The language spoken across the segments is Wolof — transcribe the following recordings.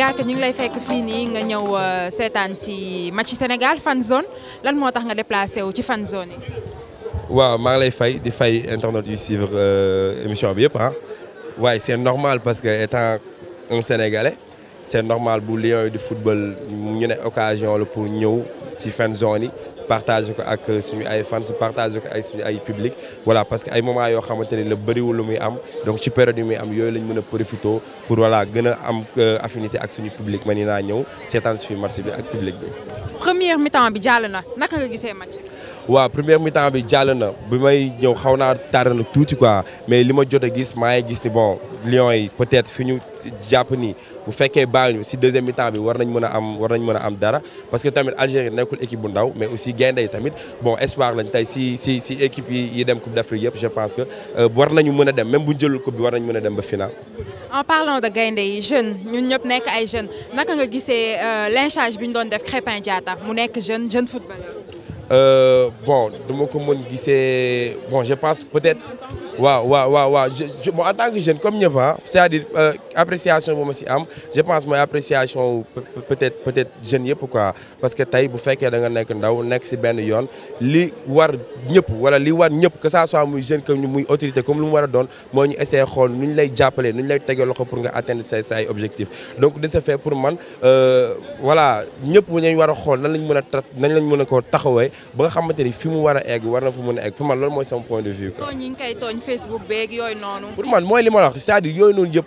Ngaaka ñu ngi lay fekk fii nii nga ñëw euh, seetaan si match Sénégal fan zone lan moo tax nga déplacé wu ci fan zone yi. waaw maa ngi lay fay di fay internet yu suivre euh, émission bi yëpp ah waaye c'est normal parce que étant un Sénégalais c'est normal bu lion yi di football ñu ne occasion la pour ñëw ci fan zone yi partagé ko ak suñu ay fans partagé ko ay suñu ay public voilà parce que ay moment yo xamanteni ne la bëriwul lu muy am donc ci période yu am yoy lañ mëna profiter pour voilà gëna am euh, affinité ak suñu public manina ni naa ñëw seetaan fi marché bi ak public bi. première mi-temps bi jàll naka nga gisee match wa première mi-temps bi jàll na bi may ñëw xawna naa na quoi mais lima jotté gis maa gis ni bon lion yi peut-être fiñu japp ni bu féké bañu ci deuxième mi-temps bi war nañ mëna am war nañ mëna am dara parce que tamit Algérie nekul équipe bu ndaw mais aussi gaynde tamit bon espoir lañ tay si si si équipe yi dem Coupe d'Afrique yépp je pense que euh, war nañu mëna dem même bu ñu jëlul coupe bi war nañu mëna dem ba final. en parlant de gaynde yi jeunes ñun ñëpp nek ay jeunes naka nga gisee euh, lynchage bi ñu doon def crépin diata mu nek jeune jeune footballeur. Euh, bon, de mon commun c'est... Bon, je pense peut-être... Waouh, waouh, waouh, je Bon, en tant que jeune, comme Nieva, hein, c'est-à-dire, euh, appréciation, bon, je pense que mon appréciation, peut-être, peut-être jeune, pourquoi Parce que taille, vous faites que vous êtes dans le c'est bien yon. Li war n'yep wala li war n'yep que ça soit muy jeune comme muy autorité comme lu wara don mo ñu essayer xol ñu lay jappalé ñu lay tégué loxo pour nga atteindre say say objectif donc de ce fait pour man euh voilà ñep ñay wara xol nan lañ mëna nan lañ mëna ko taxawé ba nga xamante ni fi mu war a egg war na fa mën a egg pour man mooy sama point de vue quoi. tooñ yi ñu koy Facebook beeg yooyu noonu. pour man mooy li ma wax cest noonu yëpp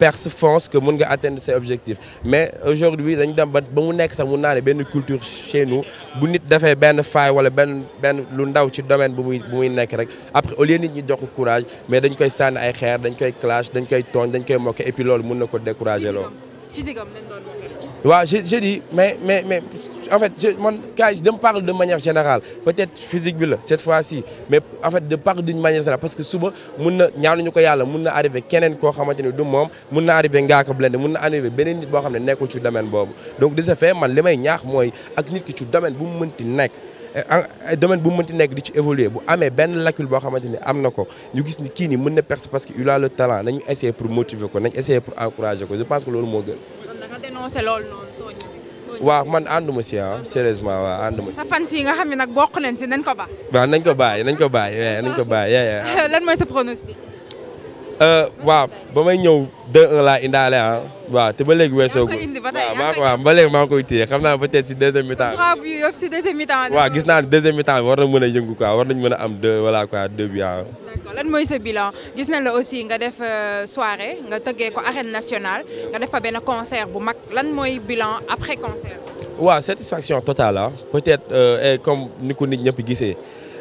perce fonce que mën nga atteindre ses objectifs mais aujourd'hui dañu dem ba ba nek nekk sax mun naa ben culture chez nous bu nit defee ben fay wala ben ben lu ndaw ci domaine bu muy bu muy nekk rek après au lieu nit ñi jox courage mais dañ koy sànni ay xeer dañ koy clash dañ koy togn dañ koy moquer et puis loolu mun nako décourager loolu Physique, j'ai dit mais mais mais en fait je parle de manière générale peut-être physique cette fois-ci mais en fait de parle d'une manière générale parce que souvent mun na ñaanuñu arrive kenen ko xamanteni du mom on arrive à on arrive nit ci domaine donc de ce fait man limay ñaax moy ak nit ki ci domaine bu domaine bu mu mënti nekk di ci évoluer bu amee benn lacune boo xamante ni am na ko ñu gis ni kii nii mën na percer parce que il a le talent nañu essayer pour motiver ko nañ essayer pour encourager que loolu moo gën. kon naka dénoncer loolu noonu tooñ. waaw man ànduma si ah sérieusement waaw ànduma si. sa fans yi nga xam ne nag bokk nañ si nañ ko bàyyi nañ ko bàyyi nañ ko bàyyi. Eh, eh, eh. lan mooy sa pronostic. Euh, waaw ba may là, 2-1 là. je ah waaw ba suis ko je ko là. ba suis là, je peut-être deuxième mi-temps waaw gis deuxième mi-temps war na là. a yëngu quoi war nañ am 2 quoi Je d'accord lan sa bilan gis Je la aussi nga def euh, soirée nga Je ko arène nationale concert bu bilan après concert. waaw satisfaction totale ah. peut-être euh, comme nous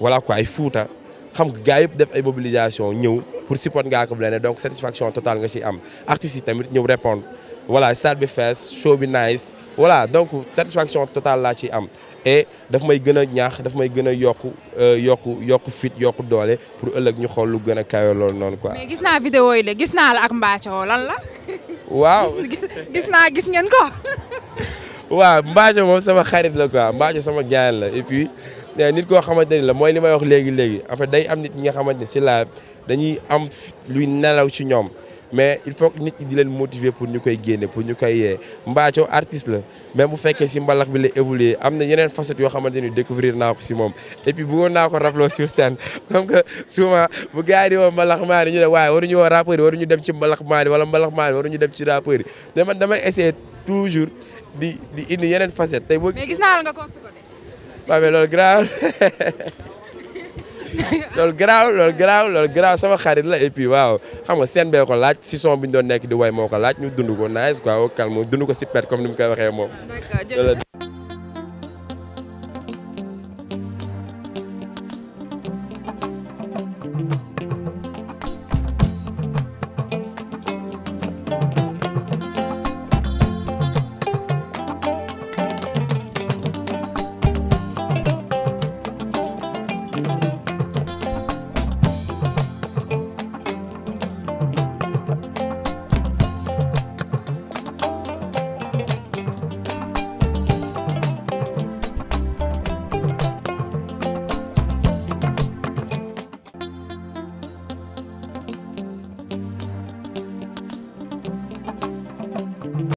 voilà quoi il faut xam nga gaay mobilisation pour support satisfaction totale nga am artistes tamit voilà stade bi show bi nice voilà donc satisfaction totale la ci am et daf may gëna ñaax daf may gëna yokku euh, yokku fit yokku doole pour ëllëg ñu xol lu gëna kayo lool non quoi. mais gis na vidéo yi gis na la ak lan la. waaw gis na gis ngeen ko. waaw sama xarit la quoi sama la et puis. Eh, nit ko xamanteni la moy limay wax léegi léegi en fait day am nit ñi nga xamante ni dañuy am luy nelaw ci ñom mais il faut nit ñi di len motiver pour ñukay koy pour ñukay yé yee Mbathio artiste la même bu féké ci mbalax bi la évoluer amna yenen facette yo xamanteni découvrir nako ci mom et puis bu naa ko raploo sur scène comme que souvent bu gars yi di woo mbalax maani ñu ne waru ñu woo rappeur waru ñu dem ci mbalax maani wala mbalax waru ñu dem ci rappeur yi mais man damay essayer toujours di di indi yenen facette tay boo mais gis na la nga ko waaw mais loolu grave loolu grave loolu grave loolu grave la et waaw xam nga seen bee ko si son bi ñu doon nekk di waay moo ko laaj ñu dund ko nice quoi au calme dund ko si pet comme ni mu koy waxee moom.